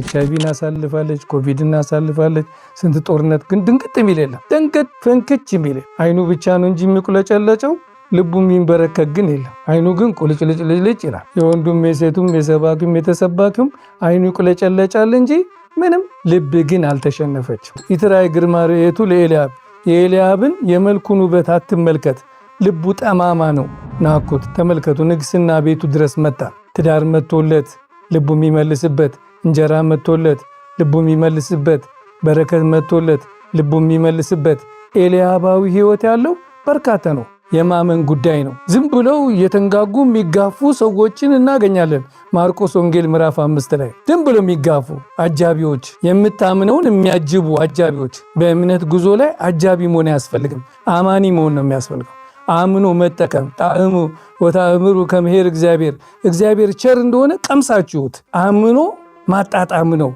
ኤችአይቪን አሳልፋለች፣ ኮቪድን አሳልፋለች። ስንት ጦርነት ግን ድንቅጥ የሚል የለም። ደንገጥ ፈንክች የሚል አይኑ ብቻ ነው እንጂ የሚቁለጨለጨው ልቡ የሚንበረከክ ግን የለም። አይኑ ግን ቁልጭልጭልጭልጭ ይላል። የወንዱም የሴቱም የሰባኪም የተሰባኪም አይኑ ይቁለጨለጫል እንጂ ምንም ልብ ግን አልተሸነፈችም። ኢትራይ ግርማ ርኤቱ ለኤልያብ የኤልያብን የመልኩን ውበት አትመልከት፣ ልቡ ጠማማ ነው። ናኩት ተመልከቱ፣ ንግስና ቤቱ ድረስ መጣ። ትዳር መቶለት ልቡ የሚመልስበት እንጀራ መጥቶለት ልቡ የሚመልስበት በረከት መጥቶለት ልቡ የሚመልስበት ኤልያባዊ ህይወት ያለው በርካታ ነው። የማመን ጉዳይ ነው። ዝም ብለው የተንጋጉ የሚጋፉ ሰዎችን እናገኛለን። ማርቆስ ወንጌል ምዕራፍ አምስት ላይ ዝም ብለው የሚጋፉ አጃቢዎች፣ የምታምነውን የሚያጅቡ አጃቢዎች። በእምነት ጉዞ ላይ አጃቢ መሆን አያስፈልግም። አማኒ መሆን ነው የሚያስፈልገው። አምኖ መጠቀም ጣዕሙ ወታእምሩ ከመሄድ እግዚአብሔር እግዚአብሔር ቸር እንደሆነ ቀምሳችሁት አምኖ ማጣጣም ነው።